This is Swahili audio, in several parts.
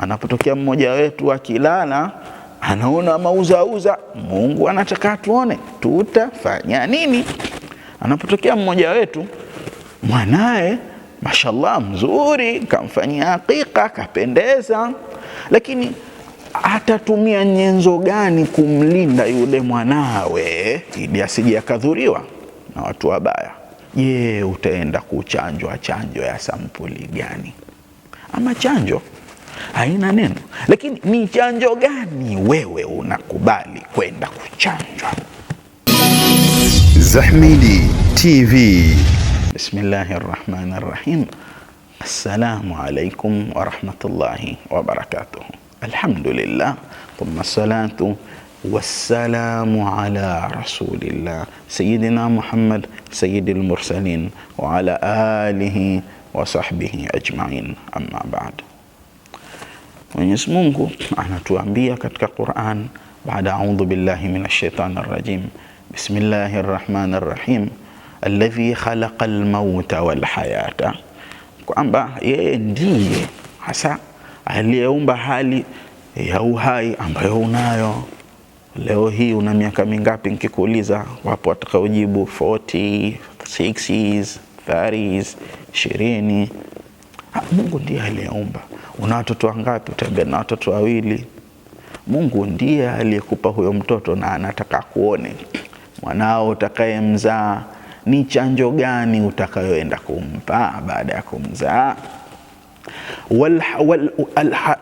Anapotokea mmoja wetu akilala anaona mauzauza, Mungu anataka tuone tutafanya nini. Anapotokea mmoja wetu mwanaye mashallah mzuri, kamfanyia akika, kapendeza, lakini atatumia nyenzo gani kumlinda yule mwanawe ili asije akadhuriwa na watu wabaya? Je, utaenda kuchanjwa chanjo ya sampuli gani? Ama chanjo haina neno. Lakini ni chanjo gani wewe unakubali kwenda kuchanjwa? Zahmidi TV. Bismillahi rahmani rahim. Assalamu alaikum warahmatullahi wabarakatuh. Alhamdulillah thumma salatu wassalamu ala rasulillah sayidina Muhammad sayyidil mursalin wa ala alihi wa sahbihi ajmain amma ba'd. Mwenyezi Mungu anatuambia katika Qur'an, baada a'udhu billahi minash shaitani rrajim bismillahir rahmanir rahim alladhi khalaqal mauta wal hayata, kwamba yeye ndiye hasa aliyeumba hali ya uhai ambayo unayo leo hii. Una miaka mingapi? Nikikuuliza wapo watakaojibu 40, 60 30 20 Mungu ndiye aliyeumba. Una watoto wangapi? Utaambia na watoto wawili. Mungu ndiye aliyekupa huyo mtoto na anataka kuone mwanao utakayemzaa ni chanjo gani utakayoenda kumpa baada ya kumzaa.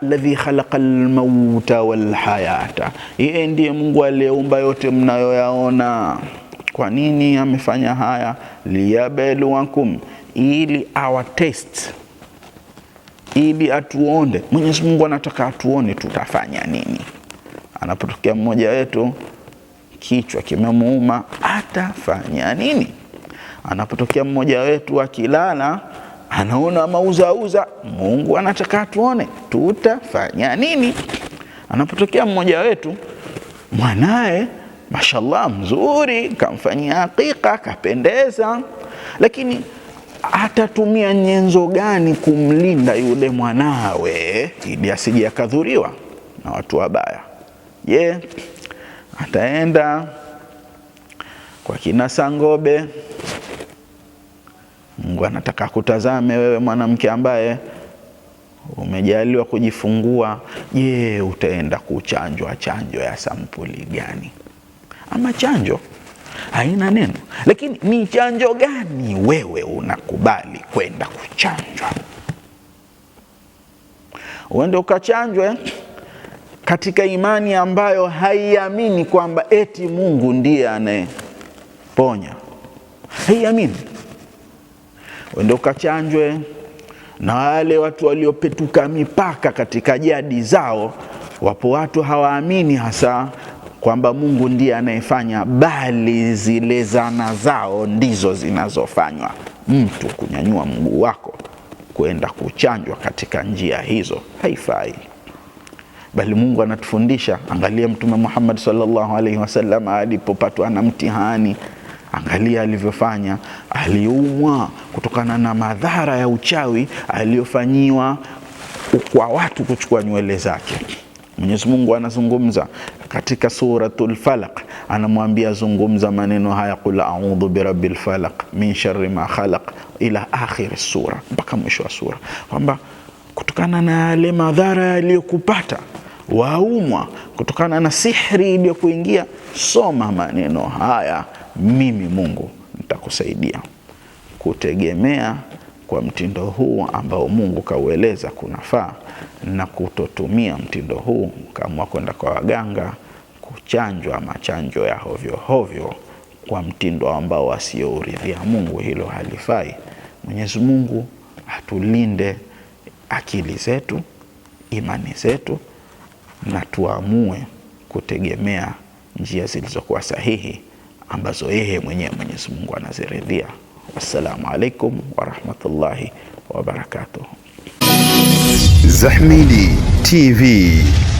Alladhi khalaqa lmauta walhayata, yeye ndiye Mungu aliyeumba yote mnayoyaona. Kwa nini amefanya haya? Liyabluwakum, ili awatest ili atuonde. Mwenyezi Mungu anataka atuone tutafanya nini. Anapotokea mmoja wetu kichwa kimemuuma, atafanya nini? Anapotokea mmoja wetu akilala anaona mauzauza, Mungu anataka atuone tutafanya nini. Anapotokea mmoja wetu mwanaye mashallah mzuri, kamfanyia hakika, kapendeza, lakini atatumia nyenzo gani kumlinda yule mwanawe ili asije akadhuriwa na watu wabaya? Je, ataenda kwa kina Sangobe? Mungu anataka kutazame wewe mwanamke ambaye umejaliwa kujifungua. Je, utaenda kuchanjwa chanjo ya sampuli gani? Ama chanjo haina neno. Lakini ni chanjo gani wewe unakubali kwenda kuchanjwa? Uende ukachanjwe katika imani ambayo haiamini kwamba eti Mungu ndiye anayeponya, haiamini. Uende ukachanjwe na wale watu waliopetuka mipaka katika jadi zao. Wapo watu hawaamini hasa kwamba Mungu ndiye anayefanya, bali zile zana zao ndizo zinazofanywa. Mtu kunyanyua mguu wako kwenda kuchanjwa katika njia hizo haifai, bali Mungu anatufundisha. Angalia Mtume Muhammad sallallahu alaihi wasallam alipopatwa na mtihani, angalia alivyofanya. Aliumwa kutokana na madhara ya uchawi aliyofanyiwa kwa watu kuchukua nywele zake. Mwenyezi Mungu anazungumza, katika suratul Falaq anamwambia zungumza maneno haya, qul a'udhu birabbil falaq min sharri ma khalaq, ila akhiri sura, mpaka mwisho wa sura, kwamba kutokana na yale madhara yaliyokupata waumwa kutokana na sihri iliyokuingia, soma maneno haya, mimi Mungu nitakusaidia kutegemea kwa mtindo huu ambao Mungu kaueleza kunafaa, na kutotumia mtindo huu kama kwenda kwa waganga kuchanjwa machanjo ya hovyo hovyo kwa mtindo ambao wasiouridhia Mungu, hilo halifai. Mwenyezi Mungu atulinde akili zetu, imani zetu, na tuamue kutegemea njia zilizokuwa sahihi ambazo yeye mwenyewe Mwenyezi Mungu anaziridhia. والسلام عليكم ورحمة الله وبركاته زحميلي تي في